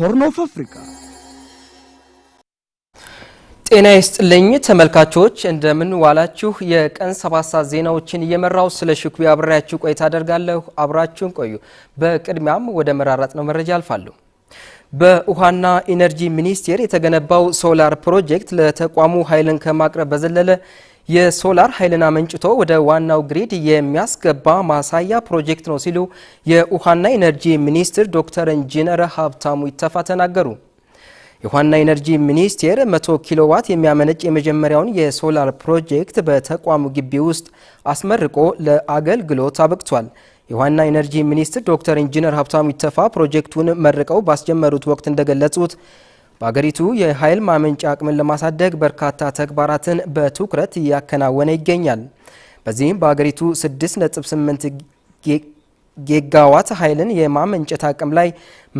ሆርን ኦፍ አፍሪካ። ጤና ይስጥልኝ ተመልካቾች፣ እንደምን ዋላችሁ? የቀን ሰባት ሰዓት ዜናዎችን እየመራው ስለ ሽኩቤ አብሬያችሁ ቆይታ አደርጋለሁ። አብራችሁን ቆዩ። በቅድሚያም ወደ መራራጥ ነው መረጃ አልፋለሁ። በውሃና ኢነርጂ ሚኒስቴር የተገነባው ሶላር ፕሮጀክት ለተቋሙ ኃይልን ከማቅረብ በዘለለ የሶላር ኃይልን አመንጭቶ ወደ ዋናው ግሪድ የሚያስገባ ማሳያ ፕሮጀክት ነው ሲሉ የውሃና ኢነርጂ ሚኒስትር ዶክተር ኢንጂነር ሀብታሙ ይተፋ ተናገሩ። የውሃና ኢነርጂ ሚኒስቴር 100 ኪሎ ዋት የሚያመነጭ የመጀመሪያውን የሶላር ፕሮጀክት በተቋሙ ግቢ ውስጥ አስመርቆ ለአገልግሎት አብቅቷል። የውሃና ኢነርጂ ሚኒስትር ዶክተር ኢንጂነር ሀብታሙ ይተፋ ፕሮጀክቱን መርቀው ባስጀመሩት ወቅት እንደገለጹት በአገሪቱ የኃይል ማመንጫ አቅምን ለማሳደግ በርካታ ተግባራትን በትኩረት እያከናወነ ይገኛል። በዚህም በአገሪቱ 6.8 ጌጋዋት ኃይልን የማመንጨት አቅም ላይ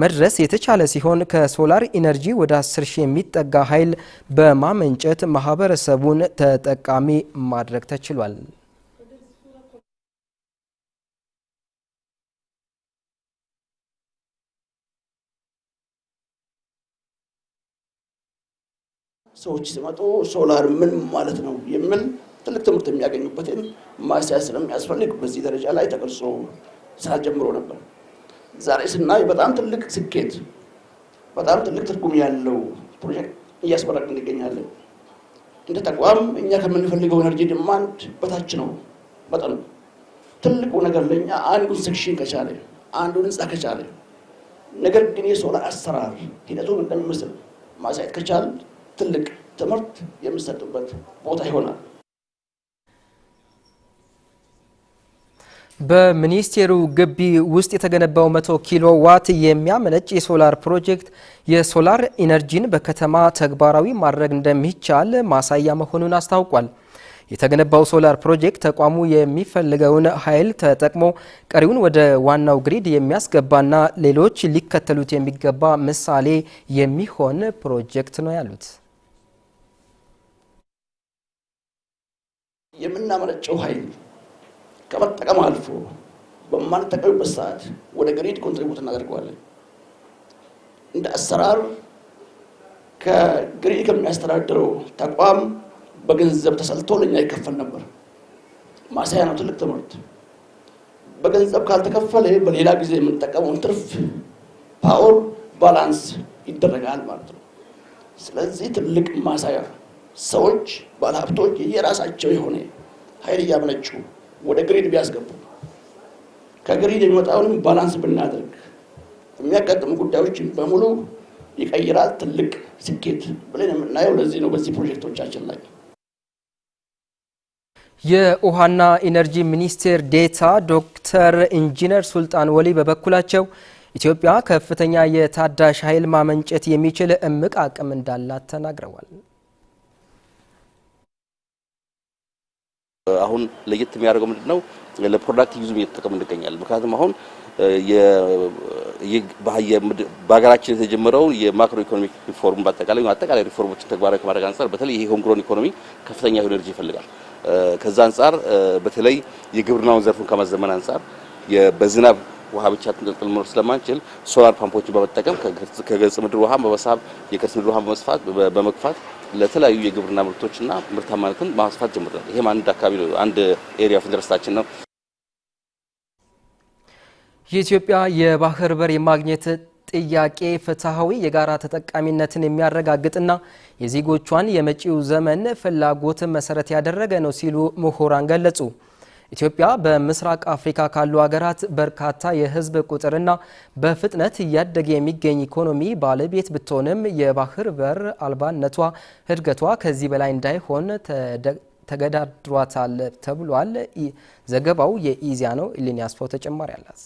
መድረስ የተቻለ ሲሆን ከሶላር ኢነርጂ ወደ 10 ሺህ የሚጠጋ ኃይል በማመንጨት ማህበረሰቡን ተጠቃሚ ማድረግ ተችሏል። ሰዎች ሲመጡ ሶላር ምን ማለት ነው የሚል ትልቅ ትምህርት የሚያገኙበትን ማስያዝ ስለሚያስፈልግ በዚህ ደረጃ ላይ ተቀርጾ ስራ ጀምሮ ነበር። ዛሬ ስናይ በጣም ትልቅ ስኬት፣ በጣም ትልቅ ትርጉም ያለው ፕሮጀክት እያስመረቅ እንገኛለን። እንደ ተቋም እኛ ከምንፈልገው ኤነርጂ ዲማንድ በታች ነው መጠኑ። ትልቁ ነገር ለእኛ አንዱን ሴክሽን ከቻለ አንዱን ህንፃ ከቻለ ነገር ግን የሶላር አሰራር ሂደቱን እንደሚመስል ማሳየት ከቻል ትልቅ ትምህርት የሚሰጥበት ቦታ ይሆናል። በሚኒስቴሩ ግቢ ውስጥ የተገነባው 100 ኪሎ ዋት የሚያመነጭ የሶላር ፕሮጀክት የሶላር ኢነርጂን በከተማ ተግባራዊ ማድረግ እንደሚቻል ማሳያ መሆኑን አስታውቋል። የተገነባው ሶላር ፕሮጀክት ተቋሙ የሚፈልገውን ኃይል ተጠቅሞ ቀሪውን ወደ ዋናው ግሪድ የሚያስገባና ሌሎች ሊከተሉት የሚገባ ምሳሌ የሚሆን ፕሮጀክት ነው ያሉት የምናመረጨው ኃይል ከመጠቀም አልፎ በማንጠቀምበት ሰዓት ወደ ግሪድ ኮንትሪቡት እናደርገዋለን። እንደ አሰራር ከግሪድ ከሚያስተዳድረው ተቋም በገንዘብ ተሰልቶ ለኛ ይከፈል ነበር። ማሳያ ነው ትልቅ ትምህርት። በገንዘብ ካልተከፈለ በሌላ ጊዜ የምንጠቀመውን ትርፍ ፓወር ባላንስ ይደረጋል ማለት ነው። ስለዚህ ትልቅ ማሳያ ሰዎች ባለሀብቶች የራሳቸው የሆነ ኃይል እያመነጩ ወደ ግሪድ ቢያስገቡ ከግሪድ የሚወጣውንም ባላንስ ብናደርግ የሚያጋጥሙ ጉዳዮችን በሙሉ ይቀይራል። ትልቅ ስኬት ብለን የምናየው ለዚህ ነው በዚህ ፕሮጀክቶቻችን ላይ። የውሃና ኢነርጂ ሚኒስቴር ዴታ ዶክተር ኢንጂነር ሱልጣን ወሊ በበኩላቸው ኢትዮጵያ ከፍተኛ የታዳሽ ኃይል ማመንጨት የሚችል እምቅ አቅም እንዳላት ተናግረዋል። አሁን ለየት የሚያደርገው ምንድን ነው? ለፕሮዳክት ዩዝም እየተጠቀም እንገኛለን። ምክንያቱም አሁን በሀገራችን የተጀመረውን የማክሮ ኢኮኖሚክ ሪፎርም በአጠቃላይ አጠቃላይ ሪፎርሞችን ተግባራዊ ከማድረግ አንጻር በተለይ ይሄ ሆምግሮን ኢኮኖሚ ከፍተኛ የሆነ ኤነርጂ ይፈልጋል። ከዛ አንጻር በተለይ የግብርናውን ዘርፉን ከማዘመን አንጻር በዝናብ ውሃ ብቻ ተንጠልጥል መኖር ስለማንችል ሶላር ፓምፖችን በመጠቀም ከገጽ ምድር ውሃ በመሳብ የከርሰ ምድር ውሃ በመስፋት በመግፋት ለተለያዩ የግብርና ምርቶችና ምርታማነትን ማስፋት ጀምረናል። ይሄም አንድ አካባቢ ነው፣ አንድ ኤሪያ ኢንተረስታችን ነው። የኢትዮጵያ የባህር በር የማግኘት ጥያቄ ፍትሐዊ የጋራ ተጠቃሚነትን የሚያረጋግጥና የዜጎቿን የመጪው ዘመን ፍላጎት መሰረት ያደረገ ነው ሲሉ ምሁራን ገለጹ። ኢትዮጵያ በምስራቅ አፍሪካ ካሉ ሀገራት በርካታ የህዝብ ቁጥርና በፍጥነት እያደገ የሚገኝ ኢኮኖሚ ባለቤት ብትሆንም የባህር በር አልባነቷ እድገቷ ከዚህ በላይ እንዳይሆን ተገዳድሯታል ተብሏል። ዘገባው የኢዜአ ነው። ኢሊኒያስፎ ተጨማሪ አላት።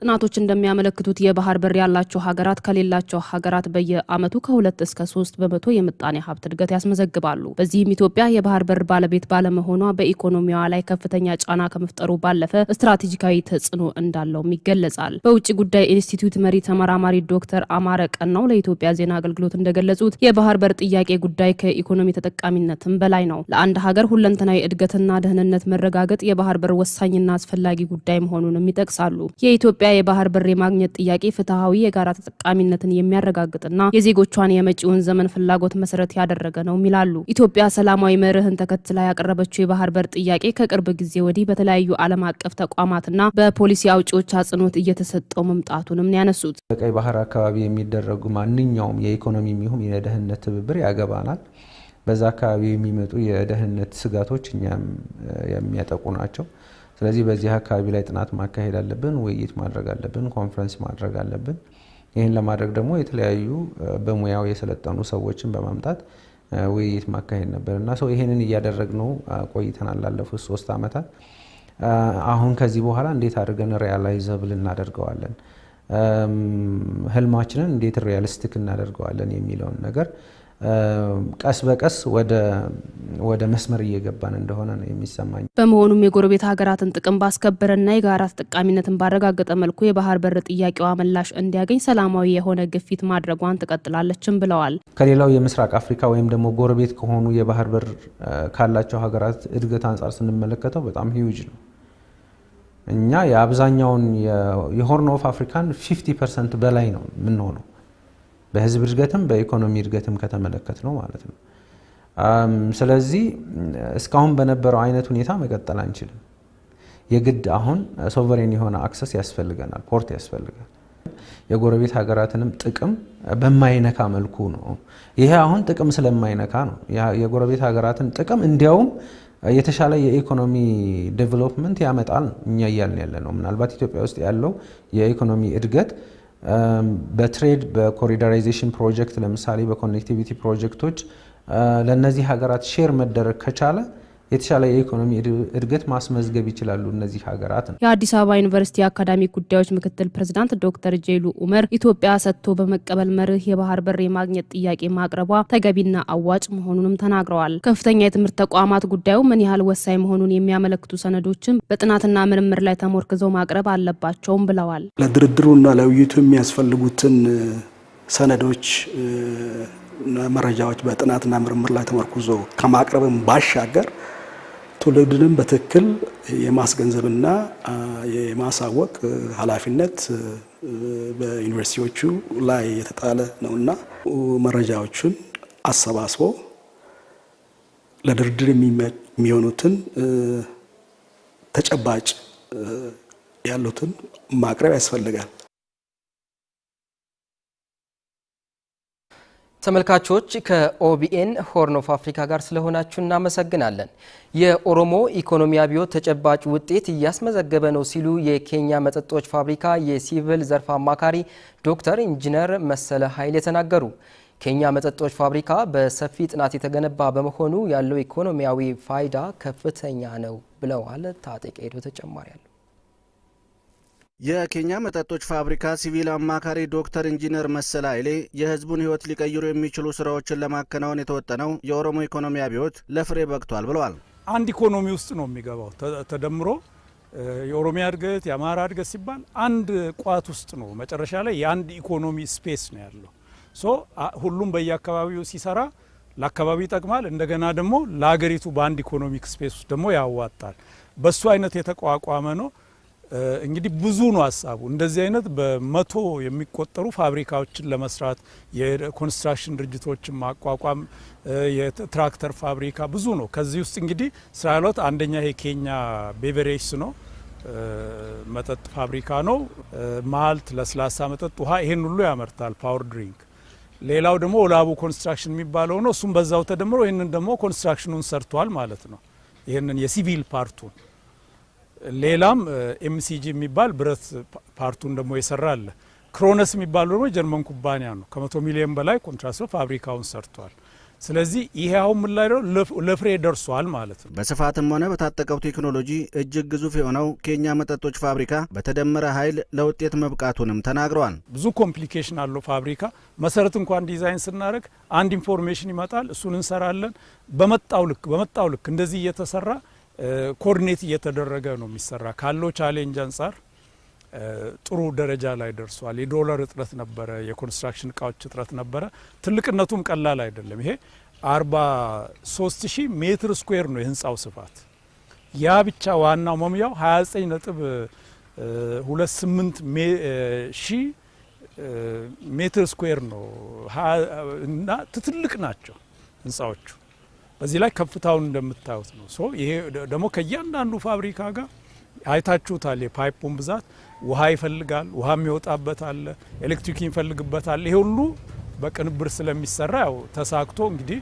ጥናቶች እንደሚያመለክቱት የባህር በር ያላቸው ሀገራት ከሌላቸው ሀገራት በየዓመቱ ከሁለት እስከ ሶስት በመቶ የምጣኔ ሀብት እድገት ያስመዘግባሉ። በዚህም ኢትዮጵያ የባህር በር ባለቤት ባለመሆኗ በኢኮኖሚዋ ላይ ከፍተኛ ጫና ከመፍጠሩ ባለፈ ስትራቴጂካዊ ተጽዕኖ እንዳለውም ይገለጻል። በውጭ ጉዳይ ኢንስቲትዩት መሪ ተመራማሪ ዶክተር አማረ ቀናው ለኢትዮጵያ ዜና አገልግሎት እንደገለጹት የባህር በር ጥያቄ ጉዳይ ከኢኮኖሚ ተጠቃሚነትም በላይ ነው። ለአንድ ሀገር ሁለንተናዊ እድገትና ደህንነት መረጋገጥ የባህር በር ወሳኝና አስፈላጊ ጉዳይ መሆኑንም ይጠቅሳሉ። የኢትዮጵያ የኢትዮጵያ የባህር በር የማግኘት ጥያቄ ፍትሐዊ የጋራ ተጠቃሚነትን የሚያረጋግጥና የዜጎቿን የመጪውን ዘመን ፍላጎት መሰረት ያደረገ ነው ይላሉ። ኢትዮጵያ ሰላማዊ መርህን ተከትላ ያቀረበችው የባህር በር ጥያቄ ከቅርብ ጊዜ ወዲህ በተለያዩ ዓለም አቀፍ ተቋማትና በፖሊሲ አውጪዎች አጽንኦት እየተሰጠው መምጣቱንም ያነሱት። በቀይ ባህር አካባቢ የሚደረጉ ማንኛውም የኢኮኖሚ ይሁን የደህንነት ትብብር ያገባናል። በዛ አካባቢ የሚመጡ የደህንነት ስጋቶች እኛም የሚያጠቁ ናቸው። ስለዚህ በዚህ አካባቢ ላይ ጥናት ማካሄድ አለብን፣ ውይይት ማድረግ አለብን፣ ኮንፈረንስ ማድረግ አለብን። ይህን ለማድረግ ደግሞ የተለያዩ በሙያው የሰለጠኑ ሰዎችን በማምጣት ውይይት ማካሄድ ነበር እና ሰው እያደረግ እያደረግነው ቆይተናል ላለፉት ሶስት ዓመታት። አሁን ከዚህ በኋላ እንዴት አድርገን ሪያላይዘብል እናደርገዋለን፣ ህልማችንን እንዴት ሪያሊስቲክ እናደርገዋለን የሚለውን ነገር ቀስ በቀስ ወደ መስመር እየገባን እንደሆነ ነው የሚሰማኝ። በመሆኑም የጎረቤት ሀገራትን ጥቅም ባስከበረና የጋራ ተጠቃሚነትን ባረጋገጠ መልኩ የባህር በር ጥያቄዋ ምላሽ እንዲያገኝ ሰላማዊ የሆነ ግፊት ማድረጓን ትቀጥላለችም ብለዋል። ከሌላው የምስራቅ አፍሪካ ወይም ደግሞ ጎረቤት ከሆኑ የባህር በር ካላቸው ሀገራት እድገት አንጻር ስንመለከተው በጣም ሂዩጅ ነው። እኛ የአብዛኛውን የሆርን ኦፍ አፍሪካን 50 ፐርሰንት በላይ ነው የምንሆነው በህዝብ እድገትም በኢኮኖሚ እድገትም ከተመለከት ነው ማለት ነው። ስለዚህ እስካሁን በነበረው አይነት ሁኔታ መቀጠል አንችልም። የግድ አሁን ሶቨሬን የሆነ አክሰስ ያስፈልገናል፣ ፖርት ያስፈልጋል። የጎረቤት ሀገራትንም ጥቅም በማይነካ መልኩ ነው። ይሄ አሁን ጥቅም ስለማይነካ ነው። የጎረቤት ሀገራትን ጥቅም እንዲያውም የተሻለ የኢኮኖሚ ዴቨሎፕመንት ያመጣል እኛ እያልን ያለ ነው። ምናልባት ኢትዮጵያ ውስጥ ያለው የኢኮኖሚ እድገት Um, በትሬድ በኮሪደራይዜሽን ፕሮጀክት ለምሳሌ በኮኔክቲቪቲ ፕሮጀክቶች uh, ለእነዚህ ሀገራት ሼር መደረግ ከቻለ የተሻለ የኢኮኖሚ እድገት ማስመዝገብ ይችላሉ እነዚህ ሀገራት ነው። የአዲስ አበባ ዩኒቨርሲቲ አካዳሚ ጉዳዮች ምክትል ፕሬዚዳንት ዶክተር ጄሉ ኡመር ኢትዮጵያ ሰጥቶ በመቀበል መርህ የባህር በር የማግኘት ጥያቄ ማቅረቧ ተገቢና አዋጭ መሆኑንም ተናግረዋል። ከፍተኛ የትምህርት ተቋማት ጉዳዩ ምን ያህል ወሳኝ መሆኑን የሚያመለክቱ ሰነዶችን በጥናትና ምርምር ላይ ተሞርክዘው ማቅረብ አለባቸውም ብለዋል። ለድርድሩና ለውይይቱ የሚያስፈልጉትን ሰነዶች መረጃዎች በጥናትና ምርምር ላይ ተመርኩዞ ከማቅረብም ባሻገር ትውልድንም በትክክል የማስገንዘብና የማሳወቅ ኃላፊነት በዩኒቨርሲቲዎቹ ላይ የተጣለ ነውና መረጃዎቹን አሰባስቦ ለድርድር የሚሆኑትን ተጨባጭ ያሉትን ማቅረብ ያስፈልጋል። ተመልካቾች ከኦቢኤን ሆርን ኦፍ አፍሪካ ጋር ስለሆናችሁ እናመሰግናለን። የኦሮሞ ኢኮኖሚ አብዮት ተጨባጭ ውጤት እያስመዘገበ ነው ሲሉ የኬንያ መጠጦች ፋብሪካ የሲቪል ዘርፍ አማካሪ ዶክተር ኢንጂነር መሰለ ኃይሌ ተናገሩ። ኬንያ መጠጦች ፋብሪካ በሰፊ ጥናት የተገነባ በመሆኑ ያለው ኢኮኖሚያዊ ፋይዳ ከፍተኛ ነው ብለዋል። ታጠቅ ሄዶ ተጨማሪ የኬንያ መጠጦች ፋብሪካ ሲቪል አማካሪ ዶክተር ኢንጂነር መሰል ኃይሌ የህዝቡን ህይወት ሊቀይሩ የሚችሉ ስራዎችን ለማከናወን የተወጠነው የኦሮሞ ኢኮኖሚ አብዮት ለፍሬ በቅቷል ብለዋል። አንድ ኢኮኖሚ ውስጥ ነው የሚገባው ተደምሮ የኦሮሚያ እድገት የአማራ እድገት ሲባል አንድ ቋት ውስጥ ነው። መጨረሻ ላይ የአንድ ኢኮኖሚ ስፔስ ነው ያለው። ሶ ሁሉም በየአካባቢው ሲሰራ ለአካባቢ ይጠቅማል። እንደገና ደግሞ ለሀገሪቱ በአንድ ኢኮኖሚክ ስፔስ ውስጥ ደግሞ ያዋጣል። በሱ አይነት የተቋቋመ ነው። እንግዲህ ብዙ ነው ሀሳቡ። እንደዚህ አይነት በመቶ የሚቆጠሩ ፋብሪካዎችን ለመስራት የኮንስትራክሽን ድርጅቶችን ማቋቋም የትራክተር ፋብሪካ ብዙ ነው። ከዚህ ውስጥ እንግዲህ ስራ አንደኛ የኬኛ ቤቨሬጅስ ነው መጠጥ ፋብሪካ ነው። ማልት፣ ለስላሳ መጠጥ፣ ውሃ ይሄን ሁሉ ያመርታል። ፓወር ድሪንክ ሌላው ደግሞ ወላቡ ኮንስትራክሽን የሚባለው ነው። እሱም በዛው ተደምሮ ይህንን ደግሞ ኮንስትራክሽኑን ሰርቷል ማለት ነው። ይህንን የሲቪል ፓርቱን ሌላም ኤምሲጂ የሚባል ብረት ፓርቱን ደግሞ የሰራ አለ። ክሮነስ የሚባሉ ደግሞ ጀርመን ኩባንያ ነው። ከመቶ ሚሊዮን በላይ ኮንትራት ፋብሪካውን ሰርቷል። ስለዚህ ይሄ አሁን ምን ላይ ነው ለፍሬ ደርሷል ማለት ነው። በስፋትም ሆነ በታጠቀው ቴክኖሎጂ እጅግ ግዙፍ የሆነው ኬኛ መጠጦች ፋብሪካ በተደመረ ኃይል ለውጤት መብቃቱንም ተናግረዋል። ብዙ ኮምፕሊኬሽን አለው ፋብሪካ መሰረት እንኳን ዲዛይን ስናደርግ አንድ ኢንፎርሜሽን ይመጣል፣ እሱን እንሰራለን። በመጣው ልክ በመጣው ልክ እንደዚህ እየተሰራ ኮኦርዲኔት እየተደረገ ነው የሚሰራ። ካለው ቻሌንጅ አንጻር ጥሩ ደረጃ ላይ ደርሷል። የዶላር እጥረት ነበረ፣ የኮንስትራክሽን እቃዎች እጥረት ነበረ። ትልቅነቱም ቀላል አይደለም። ይሄ 43 ሺህ ሜትር ስኩዌር ነው የህንፃው ስፋት። ያ ብቻ ዋናው መሙያው 29 ነጥብ 28 ሺህ ሜትር ስኩዌር ነው እና ትትልቅ ናቸው ህንፃዎቹ። በዚህ ላይ ከፍታውን እንደምታዩት ነው። ሶ ይሄ ደግሞ ከእያንዳንዱ ፋብሪካ ጋር አይታችሁታል። የፓይፑን ብዛት ውሃ ይፈልጋል። ውሃ የሚወጣበት አለ፣ ኤሌክትሪክ ይፈልግበታል። ይሄ ሁሉ በቅንብር ስለሚሰራ ያው ተሳክቶ እንግዲህ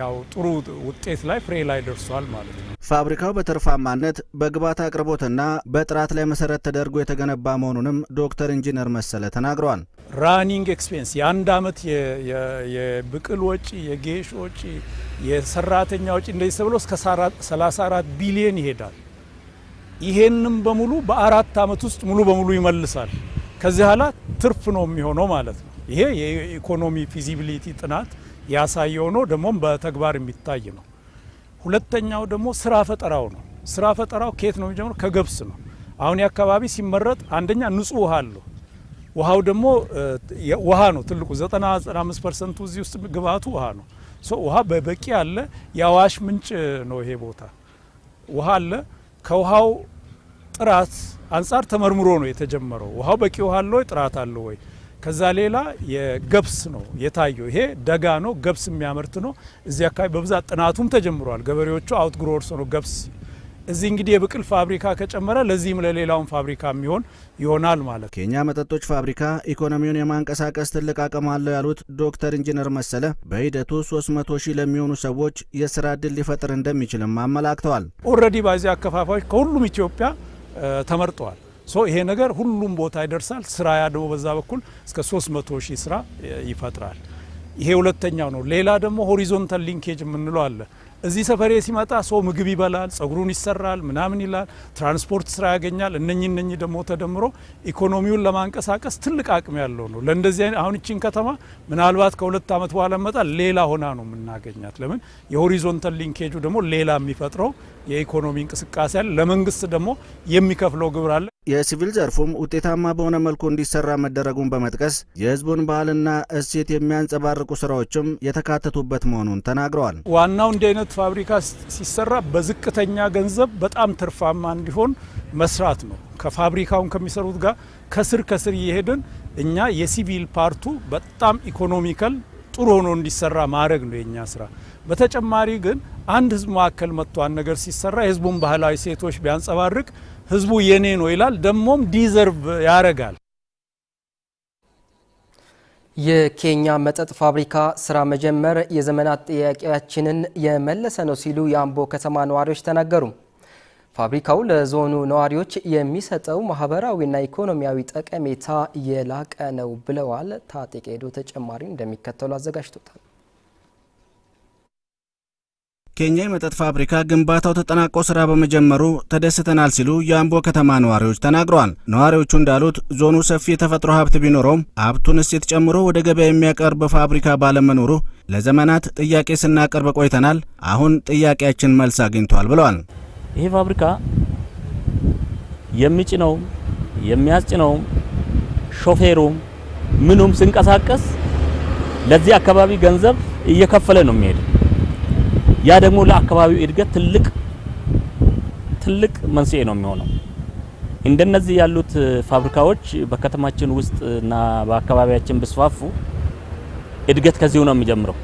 ያው ጥሩ ውጤት ላይ ፍሬ ላይ ደርሷል ማለት ነው። ፋብሪካው በትርፋማነት በግብዓት አቅርቦትና በጥራት ላይ መሰረት ተደርጎ የተገነባ መሆኑንም ዶክተር ኢንጂነር መሰለ ተናግረዋል። ራኒንግ ኤክስፔንስ የአንድ አመት የብቅል ወጪ፣ የጌሽ ወጪ፣ የሰራተኛ ወጪ እንደዚህ ተብሎ እስከ 34 ቢሊየን ይሄዳል። ይሄንም በሙሉ በአራት አመት ውስጥ ሙሉ በሙሉ ይመልሳል። ከዚህ ኋላ ትርፍ ነው የሚሆነው ማለት ነው። ይሄ የኢኮኖሚ ፊዚቢሊቲ ጥናት ያሳየ ነው፣ ደግሞም በተግባር የሚታይ ነው። ሁለተኛው ደግሞ ስራ ፈጠራው ነው። ስራ ፈጠራው ከየት ነው የሚጀምረው? ከገብስ ነው። አሁን የአካባቢ ሲመረጥ አንደኛ ንጹህ ውሃ አለው። ውሃው ደግሞ ውሃ ነው ትልቁ 95 ፐርሰንቱ እዚህ ውስጥ ግብአቱ ውሃ ነው። ውሃ በበቂ አለ። የአዋሽ ምንጭ ነው ይሄ ቦታ ውሃ አለ። ከውሃው ጥራት አንጻር ተመርምሮ ነው የተጀመረው። ውሃው በቂ ውሃ አለ ወይ? ጥራት አለ ወይ? ከዛ ሌላ የገብስ ነው የታየው። ይሄ ደጋ ነው፣ ገብስ የሚያመርት ነው። እዚህ አካባቢ በብዛት ጥናቱም ተጀምሯል። ገበሬዎቹ አውት ግሮርስ ነው ገብስ። እዚህ እንግዲህ የብቅል ፋብሪካ ከጨመረ ለዚህም ለሌላውን ፋብሪካ የሚሆን ይሆናል ማለት። ኬንያ መጠጦች ፋብሪካ ኢኮኖሚውን የማንቀሳቀስ ትልቅ አቅም አለው ያሉት ዶክተር ኢንጂነር መሰለ በሂደቱ 300 ሺህ ለሚሆኑ ሰዎች የስራ እድል ሊፈጥር እንደሚችልም አመላክተዋል። ኦልሬዲ በዚህ አከፋፋዮች ከሁሉም ኢትዮጵያ ተመርጠዋል። ሶ ይሄ ነገር ሁሉም ቦታ ይደርሳል። ስራ ያድሞ በዛ በኩል እስከ 300 ሺህ ስራ ይፈጥራል። ይሄ ሁለተኛው ነው። ሌላ ደግሞ ሆሪዞንታል ሊንኬጅ የምንለው አለ። እዚህ ሰፈሬ ሲመጣ ሰው ምግብ ይበላል፣ ጸጉሩን ይሰራል፣ ምናምን ይላል፣ ትራንስፖርት ስራ ያገኛል። እነኚህ እነኚህ ደግሞ ተደምሮ ኢኮኖሚውን ለማንቀሳቀስ ትልቅ አቅም ያለው ነው። ለእንደዚህ አይነት አሁን እቺን ከተማ ምናልባት ከሁለት ዓመት በኋላ መጣ ሌላ ሆና ነው የምናገኛት። ለምን የሆሪዞንታል ሊንኬጁ ደግሞ ሌላ የሚፈጥረው የኢኮኖሚ እንቅስቃሴ አለ። ለመንግስት ደግሞ የሚከፍለው ግብር አለ። የሲቪል ዘርፉም ውጤታማ በሆነ መልኩ እንዲሰራ መደረጉን በመጥቀስ የህዝቡን ባህልና እሴት የሚያንጸባርቁ ስራዎችም የተካተቱበት መሆኑን ተናግረዋል። ዋናው እንዲህ አይነት ፋብሪካ ሲሰራ በዝቅተኛ ገንዘብ በጣም ትርፋማ እንዲሆን መስራት ነው። ከፋብሪካውን ከሚሰሩት ጋር ከስር ከስር እየሄድን እኛ የሲቪል ፓርቱ በጣም ኢኮኖሚካል ጥሩ ሆኖ እንዲሰራ ማድረግ ነው የኛ ስራ። በተጨማሪ ግን አንድ ህዝብ መካከል መጥቷን ነገር ሲሰራ የህዝቡን ባህላዊ ሴቶች ቢያንጸባርቅ ህዝቡ የኔ ነው ይላል፣ ደግሞም ዲዘርቭ ያደርጋል። የኬንያ መጠጥ ፋብሪካ ስራ መጀመር የዘመናት ጥያቄያችንን የመለሰ ነው ሲሉ የአምቦ ከተማ ነዋሪዎች ተናገሩ። ፋብሪካው ለዞኑ ነዋሪዎች የሚሰጠው ማህበራዊና ኢኮኖሚያዊ ጠቀሜታ የላቀ ነው ብለዋል። ታጤቄዶ ተጨማሪ እንደሚከተሉ አዘጋጅቶታል። የኬኛ የመጠጥ ፋብሪካ ግንባታው ተጠናቆ ስራ በመጀመሩ ተደስተናል ሲሉ የአምቦ ከተማ ነዋሪዎች ተናግረዋል። ነዋሪዎቹ እንዳሉት ዞኑ ሰፊ የተፈጥሮ ሀብት ቢኖረውም ሀብቱን እሴት ጨምሮ ወደ ገበያ የሚያቀርብ ፋብሪካ ባለመኖሩ ለዘመናት ጥያቄ ስናቀርብ ቆይተናል። አሁን ጥያቄያችን መልስ አግኝቷል ብለዋል። ይሄ ፋብሪካ የሚጭነውም የሚያስጭነውም ሾፌሩም ምኑም ሲንቀሳቀስ ለዚህ አካባቢ ገንዘብ እየከፈለ ነው የሚሄደው ያ ደግሞ ለአካባቢው እድገት ትልቅ ትልቅ መንስኤ ነው የሚሆነው። እንደነዚህ ያሉት ፋብሪካዎች በከተማችን ውስጥ እና በአካባቢያችን ብስፋፉ እድገት ከዚሁ ነው የሚጀምረው።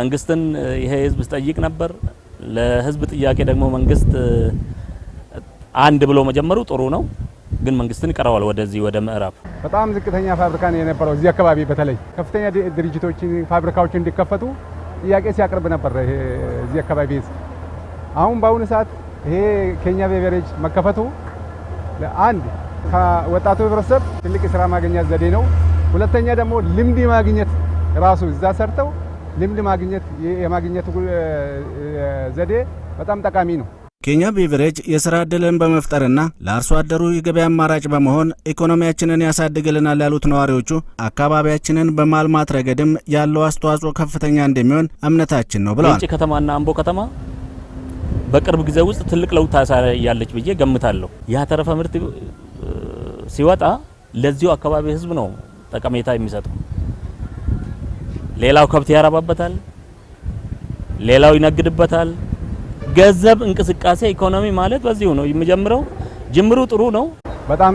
መንግስትን ይሄ ህዝብ ስጠይቅ ነበር። ለህዝብ ጥያቄ ደግሞ መንግስት አንድ ብሎ መጀመሩ ጥሩ ነው፣ ግን መንግስትን ይቀረዋል። ወደዚህ ወደ ምዕራብ በጣም ዝቅተኛ ፋብሪካ የነበረው እዚህ አካባቢ በተለይ ከፍተኛ ድርጅቶችን ፋብሪካዎች እንዲከፈቱ ጥያቄ ሲያቀርብ ነበር እዚህ አካባቢ ህዝብ። አሁን በአሁኑ ሰዓት ይሄ ኬኛ ቤቨሬጅ መከፈቱ አንድ ከወጣቱ ህብረተሰብ ትልቅ ስራ ማግኘት ዘዴ ነው። ሁለተኛ ደግሞ ልምድ ማግኘት ራሱ እዛ ሰርተው ልምድ ማግኘት የማግኘት ዘዴ በጣም ጠቃሚ ነው። ኬኛ ቢቨሬጅ የሥራ ዕድልን በመፍጠርና ለአርሶ አደሩ የገበያ አማራጭ በመሆን ኢኮኖሚያችንን ያሳድግልናል ያሉት ነዋሪዎቹ አካባቢያችንን በማልማት ረገድም ያለው አስተዋጽኦ ከፍተኛ እንደሚሆን እምነታችን ነው ብለዋል። ውጭ ከተማና አምቦ ከተማ በቅርብ ጊዜ ውስጥ ትልቅ ለውጥ ታሳያለች ብዬ ገምታለሁ። ያተረፈ ምርት ሲወጣ ለዚሁ አካባቢ ህዝብ ነው ጠቀሜታ የሚሰጠው። ሌላው ከብት ያረባበታል፣ ሌላው ይነግድበታል። ገንዘብ እንቅስቃሴ ኢኮኖሚ ማለት በዚሁ ነው የሚጀምረው። ጅምሩ ጥሩ ነው። በጣም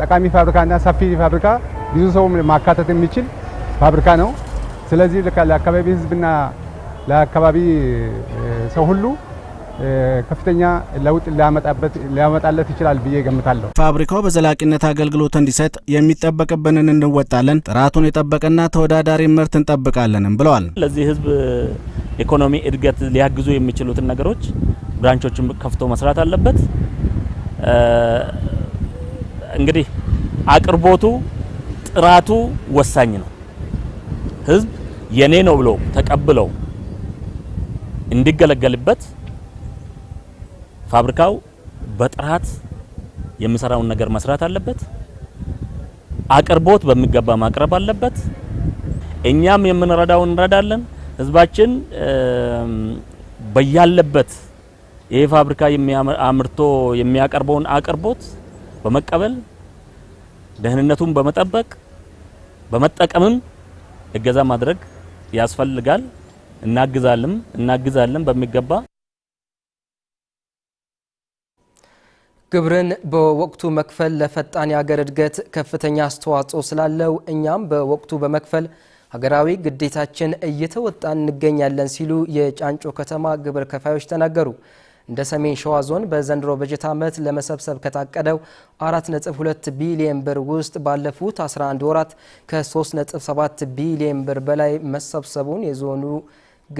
ጠቃሚ ፋብሪካና ሰፊ ፋብሪካ ብዙ ሰው ማካተት የሚችል ፋብሪካ ነው። ስለዚህ ለአካባቢ ህዝብና ለአካባቢ ሰው ሁሉ ከፍተኛ ለውጥ ሊያመጣለት ይችላል ብዬ ገምታለሁ። ፋብሪካው በዘላቂነት አገልግሎት እንዲሰጥ የሚጠበቅብንን እንወጣለን፣ ጥራቱን የጠበቀና ተወዳዳሪ ምርት እንጠብቃለንም ብለዋል። ለዚህ ህዝብ ኢኮኖሚ እድገት ሊያግዙ የሚችሉትን ነገሮች ብራንቾችን ከፍቶ መስራት አለበት። እንግዲህ አቅርቦቱ፣ ጥራቱ ወሳኝ ነው። ህዝብ የኔ ነው ብሎ ተቀብለው እንዲገለገልበት ፋብሪካው በጥራት የሚሰራውን ነገር መስራት አለበት። አቅርቦት በሚገባ ማቅረብ አለበት። እኛም የምንረዳው እንረዳለን። ህዝባችን በያለበት ይሄ ፋብሪካ አምርቶ የሚያቀርበውን አቅርቦት በመቀበል ደህንነቱን በመጠበቅ በመጠቀምም እገዛ ማድረግ ያስፈልጋል። እናግዛለን እናግዛለን በሚገባ ግብርን በወቅቱ መክፈል ለፈጣን የሀገር እድገት ከፍተኛ አስተዋጽኦ ስላለው እኛም በወቅቱ በመክፈል ሀገራዊ ግዴታችን እየተወጣን እንገኛለን ሲሉ የጫንጮ ከተማ ግብር ከፋዮች ተናገሩ። እንደ ሰሜን ሸዋ ዞን በዘንድሮ በጀት ዓመት ለመሰብሰብ ከታቀደው 4.2 ቢሊየን ብር ውስጥ ባለፉት 11 ወራት ከ3.7 ቢሊየን ብር በላይ መሰብሰቡን የዞኑ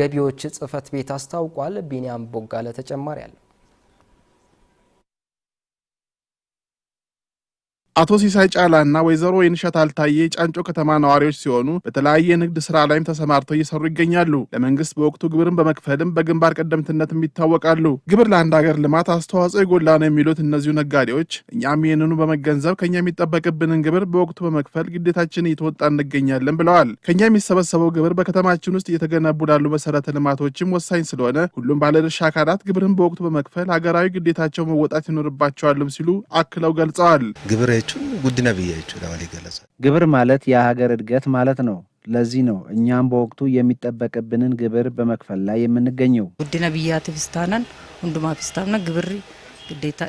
ገቢዎች ጽሕፈት ቤት አስታውቋል። ቢኒያም ቦጋለ ተጨማሪ አለ። አቶ ሲሳይ ጫላ እና ወይዘሮ የንሸት አልታዬ የጫንጮ ከተማ ነዋሪዎች ሲሆኑ በተለያየ የንግድ ስራ ላይም ተሰማርተው እየሰሩ ይገኛሉ። ለመንግስት በወቅቱ ግብርን በመክፈልም በግንባር ቀደምትነትም ይታወቃሉ። ግብር ለአንድ ሀገር ልማት አስተዋጽኦ የጎላ ነው የሚሉት እነዚሁ ነጋዴዎች እኛም ይህንኑ በመገንዘብ ከኛ የሚጠበቅብንን ግብር በወቅቱ በመክፈል ግዴታችንን እየተወጣ እንገኛለን ብለዋል። ከኛ የሚሰበሰበው ግብር በከተማችን ውስጥ እየተገነቡ ላሉ መሰረተ ልማቶችም ወሳኝ ስለሆነ ሁሉም ባለድርሻ አካላት ግብርን በወቅቱ በመክፈል ሀገራዊ ግዴታቸው መወጣት ይኖርባቸዋልም ሲሉ አክለው ገልጸዋል። የለችም፣ ጉድና ብያችሁ ለማለት ይገለጻል። ግብር ማለት የሀገር እድገት ማለት ነው። ለዚህ ነው እኛም በወቅቱ የሚጠበቅብንን ግብር በመክፈል ላይ የምንገኘው። ጉድና ብያት ሁንዱማ ፍስታና ግብር ግዴታ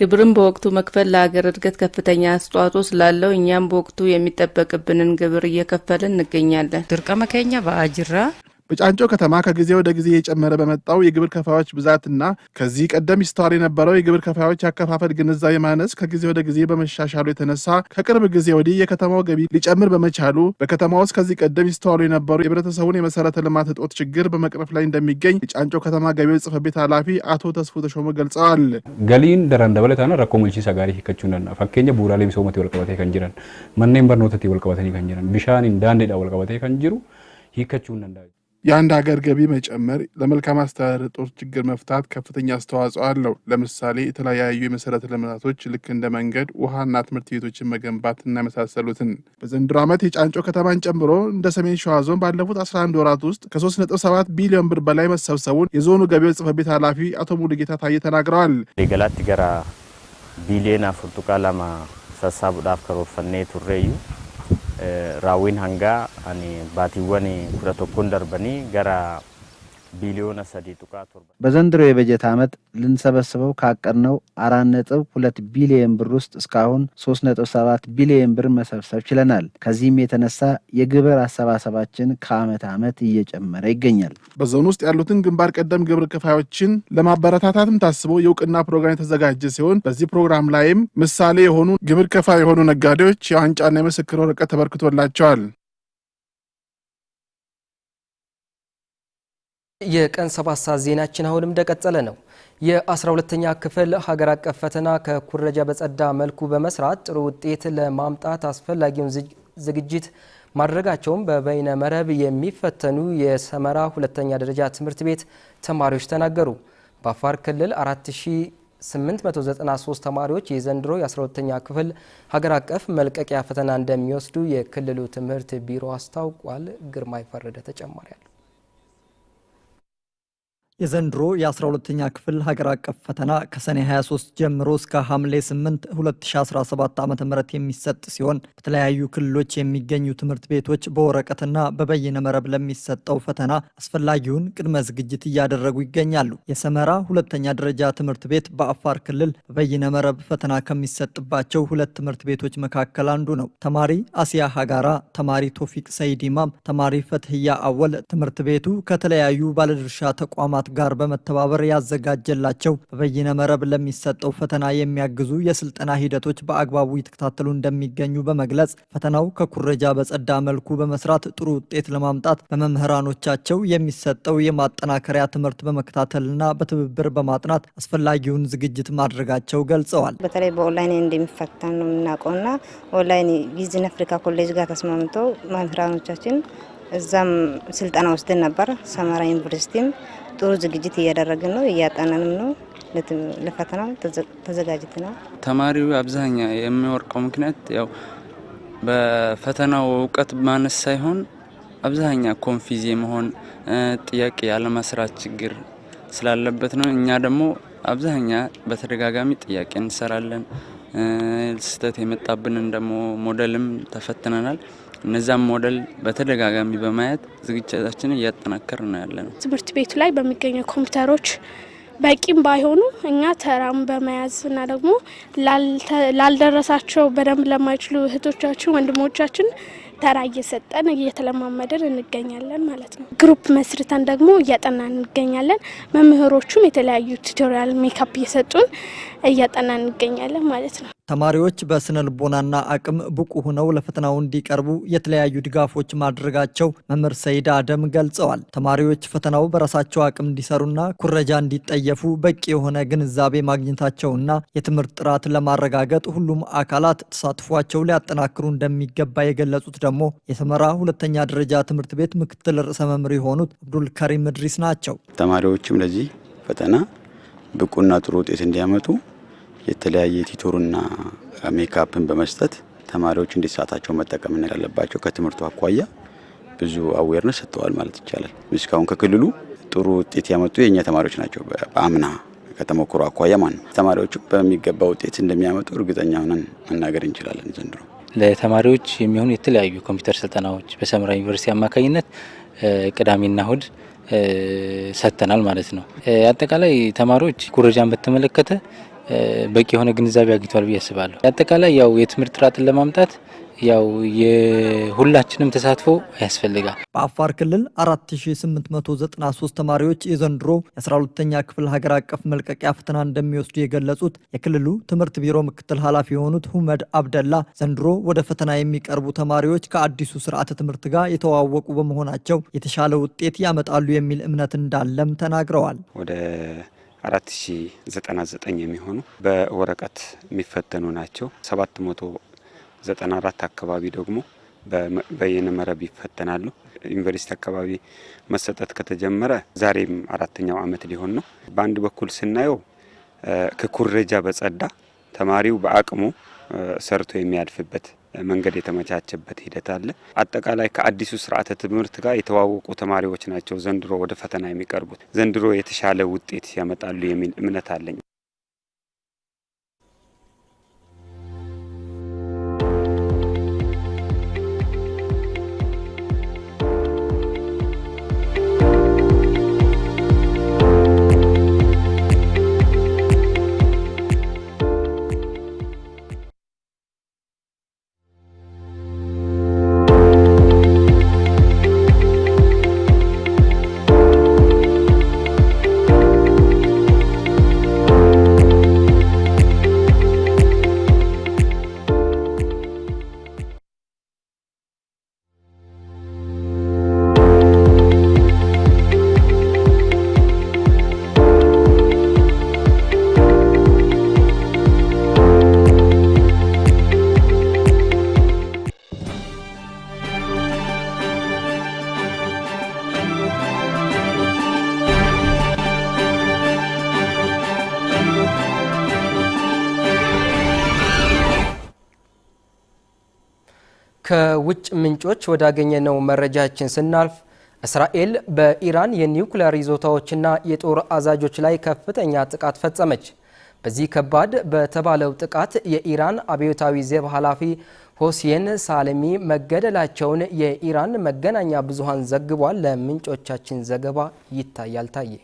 ግብርን በወቅቱ መክፈል ለሀገር እድገት ከፍተኛ አስተዋጽኦ ስላለው እኛም በወቅቱ የሚጠበቅብንን ግብር እየከፈልን እንገኛለን። ድርቀመከኛ በአጅራ በጫንጮ ከተማ ከጊዜ ወደ ጊዜ እየጨመረ በመጣው የግብር ከፋዮች ብዛትና ከዚህ ቀደም ይስተዋል የነበረው የግብር ከፋዮች አከፋፈል ግንዛቤ ማነስ ከጊዜ ወደ ጊዜ በመሻሻሉ የተነሳ ከቅርብ ጊዜ ወዲህ የከተማው ገቢ ሊጨምር በመቻሉ በከተማ ውስጥ ከዚህ ቀደም ይስተዋሉ የነበሩ የህብረተሰቡን የመሰረተ ልማት እጦት ችግር በመቅረፍ ላይ እንደሚገኝ የጫንጮ ከተማ ገቢዎች ጽሕፈት ቤት ኃላፊ አቶ ተስፉ ተሾመ ገልጸዋል። ገሊን ደረን ደበለታና ረኮ ሙልቺሳ ጋሪ ሂከቹን ደና ፈኬኛ ቡራሌ ሚሶመቴ ወልቀበቴ ከንጅረን መኔን በርኖተቴ ወልቀበተኒ ከንጅረን ቢሻን እንዳንዴዳ ወልቀበቴ ከንጅሩ ሂከቹን ደንዳ የአንድ ሀገር ገቢ መጨመር ለመልካም አስተዳደር ጦር ችግር መፍታት ከፍተኛ አስተዋጽኦ አለው። ለምሳሌ የተለያዩ የመሰረተ ልማቶች ልክ እንደ መንገድ፣ ውሃና ትምህርት ቤቶችን መገንባት እና የመሳሰሉትን። በዘንድሮ ዓመት የጫንጮ ከተማን ጨምሮ እንደ ሰሜን ሸዋ ዞን ባለፉት 11 ወራት ውስጥ ከ3.7 ቢሊዮን ብር በላይ መሰብሰቡን የዞኑ ገቢዎች ጽሕፈት ቤት ኃላፊ አቶ ሙሉጌታ ታዬ ተናግረዋል። ገላት ገራ ቢሊዮና ፉርቱቃ ለማ ሰሳቡዳፍ ከሮፈኔ ቱሬዩ rawin hangga ani baatiiwwan kudha tokkoon darbani gara በዘንድሮ የበጀት ዓመት ልንሰበስበው ካቀድነው አራት ነጥብ ሁለት ቢሊየን ብር ውስጥ እስካሁን ሶስት ነጥብ ሰባት ቢሊየን ብር መሰብሰብ ችለናል። ከዚህም የተነሳ የግብር አሰባሰባችን ከዓመት ዓመት እየጨመረ ይገኛል። በዞን ውስጥ ያሉትን ግንባር ቀደም ግብር ከፋዮችን ለማበረታታትም ታስቦ የእውቅና ፕሮግራም የተዘጋጀ ሲሆን በዚህ ፕሮግራም ላይም ምሳሌ የሆኑ ግብር ከፋይ የሆኑ ነጋዴዎች የዋንጫና የምስክር ወረቀት ተበርክቶላቸዋል። የቀን ሰባት ሰዓት ዜናችን አሁንም እንደቀጠለ ነው። የ12ኛ ክፍል ሀገር አቀፍ ፈተና ከኩረጃ በጸዳ መልኩ በመስራት ጥሩ ውጤት ለማምጣት አስፈላጊውን ዝግጅት ማድረጋቸውን በበይነ መረብ የሚፈተኑ የሰመራ ሁለተኛ ደረጃ ትምህርት ቤት ተማሪዎች ተናገሩ። በአፋር ክልል 4893 ተማሪዎች የዘንድሮ የ12ኛ ክፍል ሀገር አቀፍ መልቀቂያ ፈተና እንደሚወስዱ የክልሉ ትምህርት ቢሮ አስታውቋል። ግርማ ይፈረደ ተጨማሪ የዘንድሮ የ12ኛ ክፍል ሀገር አቀፍ ፈተና ከሰኔ 23 ጀምሮ እስከ ሐምሌ 8 2017 ዓ ም የሚሰጥ ሲሆን በተለያዩ ክልሎች የሚገኙ ትምህርት ቤቶች በወረቀትና በበይነ መረብ ለሚሰጠው ፈተና አስፈላጊውን ቅድመ ዝግጅት እያደረጉ ይገኛሉ። የሰመራ ሁለተኛ ደረጃ ትምህርት ቤት በአፋር ክልል በበይነ መረብ ፈተና ከሚሰጥባቸው ሁለት ትምህርት ቤቶች መካከል አንዱ ነው። ተማሪ አሲያ ሀጋራ፣ ተማሪ ቶፊቅ ሰይድ ኢማም፣ ተማሪ ፈትህያ አወል ትምህርት ቤቱ ከተለያዩ ባለድርሻ ተቋማት ተቋማት ጋር በመተባበር ያዘጋጀላቸው በበይነ መረብ ለሚሰጠው ፈተና የሚያግዙ የስልጠና ሂደቶች በአግባቡ እየተከታተሉ እንደሚገኙ በመግለጽ ፈተናው ከኩረጃ በጸዳ መልኩ በመስራት ጥሩ ውጤት ለማምጣት በመምህራኖቻቸው የሚሰጠው የማጠናከሪያ ትምህርት በመከታተልና በትብብር በማጥናት አስፈላጊውን ዝግጅት ማድረጋቸው ገልጸዋል። በተለይ በኦንላይን እንደሚፈተን ነው የምናውቀውና ኦንላይን ቪዝን አፍሪካ ኮሌጅ ጋር ተስማምተው መምህራኖቻችን እዛም ስልጠና ወስደን ነበር። ሰመራ ዩኒቨርሲቲም ጥሩ ዝግጅት እያደረግን ነው፣ እያጠናንም ነው። ለፈተናው ነው። ተማሪው አብዛኛ የሚወርቀው ምክንያት ያው በፈተናው እውቀት ማነስ ሳይሆን አብዛኛ ኮንፊዝ መሆን ጥያቄ ያለመስራት ችግር ስላለበት ነው። እኛ ደግሞ አብዛኛ በተደጋጋሚ ጥያቄ እንሰራለን። ስህተት የመጣብንን ደግሞ ሞዴልም ተፈትነናል። እነዛም ሞዴል በተደጋጋሚ በማየት ዝግጅታችንን እያጠናከር ነው ያለ ነው። ትምህርት ቤቱ ላይ በሚገኙ ኮምፒውተሮች በቂም ባይሆኑ እኛ ተራም በመያዝ እና ደግሞ ላልደረሳቸው በደንብ ለማይችሉ እህቶቻችን ወንድሞቻችን ተራ እየሰጠን እየተለማመደን እንገኛለን ማለት ነው። ግሩፕ መስርተን ደግሞ እያጠናን እንገኛለን። መምህሮቹም የተለያዩ ቱቶሪያል ሜካፕ እየሰጡን እያጠናን እንገኛለን ማለት ነው። ተማሪዎች በስነ ልቦናና አቅም ብቁ ሆነው ለፈተናው እንዲቀርቡ የተለያዩ ድጋፎች ማድረጋቸው መምህር ሰይድ አደም ገልጸዋል። ተማሪዎች ፈተናው በራሳቸው አቅም እንዲሰሩና ኩረጃ እንዲጠየፉ በቂ የሆነ ግንዛቤ ማግኘታቸውና የትምህርት ጥራት ለማረጋገጥ ሁሉም አካላት ተሳትፏቸው ሊያጠናክሩ እንደሚገባ የገለጹት ደግሞ የሰመራ ሁለተኛ ደረጃ ትምህርት ቤት ምክትል ርዕሰ መምህር የሆኑት አብዱል ከሪም እድሪስ ናቸው። ተማሪዎችም ለዚህ ፈተና ብቁና ጥሩ ውጤት እንዲያመጡ የተለያየ ቲቶርና ሜካፕን በመስጠት ተማሪዎች እንዴት ሰዓታቸውን መጠቀም እንዳለባቸው ከትምህርቱ አኳያ ብዙ አዌርነስ ሰጥተዋል ማለት ይቻላል። እስካሁን ከክልሉ ጥሩ ውጤት ያመጡ የእኛ ተማሪዎች ናቸው። በአምና ከተሞክሮ አኳያ ማን ነው። ተማሪዎቹ በሚገባ ውጤት እንደሚያመጡ እርግጠኛ ሆነን መናገር እንችላለን። ዘንድሮ ለተማሪዎች የሚሆኑ የተለያዩ ኮምፒውተር ስልጠናዎች በሰምራ ዩኒቨርሲቲ አማካኝነት ቅዳሜና እሁድ ሰጥተናል ማለት ነው። አጠቃላይ ተማሪዎች ኩረጃን በተመለከተ በቂ የሆነ ግንዛቤ አግኝቷል ብዬ አስባለሁ። አጠቃላይ ያው የትምህርት ጥራትን ለማምጣት ያው የሁላችንም ተሳትፎ ያስፈልጋል። በአፋር ክልል 4893 ተማሪዎች የዘንድሮ የ12ተኛ ክፍል ሀገር አቀፍ መልቀቂያ ፈተና እንደሚወስዱ የገለጹት የክልሉ ትምህርት ቢሮ ምክትል ኃላፊ የሆኑት ሁመድ አብደላ ዘንድሮ ወደ ፈተና የሚቀርቡ ተማሪዎች ከአዲሱ ስርዓተ ትምህርት ጋር የተዋወቁ በመሆናቸው የተሻለ ውጤት ያመጣሉ የሚል እምነት እንዳለም ተናግረዋል። ወደ አራት ሺ ዘጠና ዘጠኝ የሚሆኑ በወረቀት የሚፈተኑ ናቸው። ሰባት መቶ ዘጠና አራት አካባቢ ደግሞ በየነመረብ ይፈተናሉ። ዩኒቨርሲቲ አካባቢ መሰጠት ከተጀመረ ዛሬም አራተኛው አመት ሊሆን ነው። በአንድ በኩል ስናየው ከኩረጃ በጸዳ ተማሪው በአቅሙ ሰርቶ የሚያልፍበት መንገድ የተመቻቸበት ሂደት አለ። አጠቃላይ ከአዲሱ ስርዓተ ትምህርት ጋር የተዋወቁ ተማሪዎች ናቸው ዘንድሮ ወደ ፈተና የሚቀርቡት። ዘንድሮ የተሻለ ውጤት ያመጣሉ የሚል እምነት አለኝ። ከውጭ ምንጮች ወዳገኘነው መረጃችን ስናልፍ እስራኤል በኢራን የኒውክሌር ይዞታዎችና የጦር አዛዦች ላይ ከፍተኛ ጥቃት ፈጸመች። በዚህ ከባድ በተባለው ጥቃት የኢራን አብዮታዊ ዘብ ኃላፊ ሆሴን ሳልሚ መገደላቸውን የኢራን መገናኛ ብዙሃን ዘግቧል። ለምንጮቻችን ዘገባ ይታያል ታየ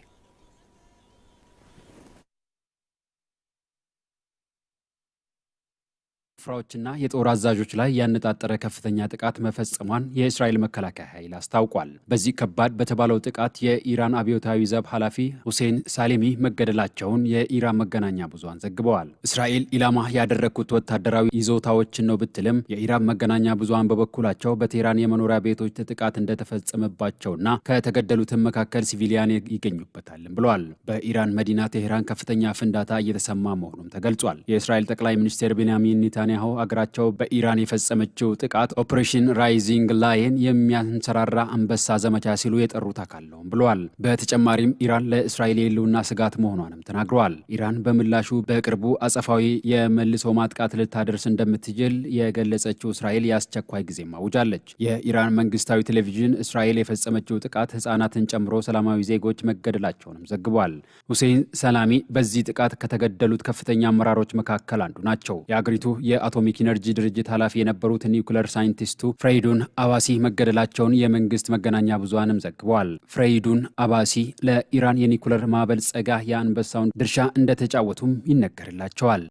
ስፍራዎችና የጦር አዛዦች ላይ ያነጣጠረ ከፍተኛ ጥቃት መፈጸሟን የእስራኤል መከላከያ ኃይል አስታውቋል። በዚህ ከባድ በተባለው ጥቃት የኢራን አብዮታዊ ዘብ ኃላፊ ሁሴን ሳሌሚ መገደላቸውን የኢራን መገናኛ ብዙሃን ዘግበዋል። እስራኤል ኢላማ ያደረግኩት ወታደራዊ ይዞታዎችን ነው ብትልም የኢራን መገናኛ ብዙሃን በበኩላቸው በቴህራን የመኖሪያ ቤቶች ጥቃት እንደተፈጸመባቸውና ከተገደሉትም መካከል ሲቪሊያን ይገኙበታልም ብለዋል። በኢራን መዲና ቴህራን ከፍተኛ ፍንዳታ እየተሰማ መሆኑም ተገልጿል። የእስራኤል ጠቅላይ ሚኒስትር ቤንያሚን ኔታንያ ኔታንያሁ አገራቸው በኢራን የፈጸመችው ጥቃት ኦፕሬሽን ራይዚንግ ላየን የሚያንሰራራ አንበሳ ዘመቻ ሲሉ የጠሩት አካል ነው ብለዋል። በተጨማሪም ኢራን ለእስራኤል የህልውና ስጋት መሆኗንም ተናግረዋል። ኢራን በምላሹ በቅርቡ አጸፋዊ የመልሶ ማጥቃት ልታደርስ እንደምትችል የገለጸችው እስራኤል የአስቸኳይ ጊዜ ማውጃለች። የኢራን መንግስታዊ ቴሌቪዥን እስራኤል የፈጸመችው ጥቃት ህጻናትን ጨምሮ ሰላማዊ ዜጎች መገደላቸውንም ዘግቧል። ሁሴን ሰላሚ በዚህ ጥቃት ከተገደሉት ከፍተኛ አመራሮች መካከል አንዱ ናቸው። የአገሪቱ የአቶሚክ ኢነርጂ ድርጅት ኃላፊ የነበሩት ኒውክለር ሳይንቲስቱ ፍሬይዱን አባሲ መገደላቸውን የመንግስት መገናኛ ብዙሃንም ዘግበዋል። ፍሬይዱን አባሲ ለኢራን የኒውክለር ማበልጸጋ የአንበሳውን ድርሻ እንደተጫወቱም ይነገርላቸዋል።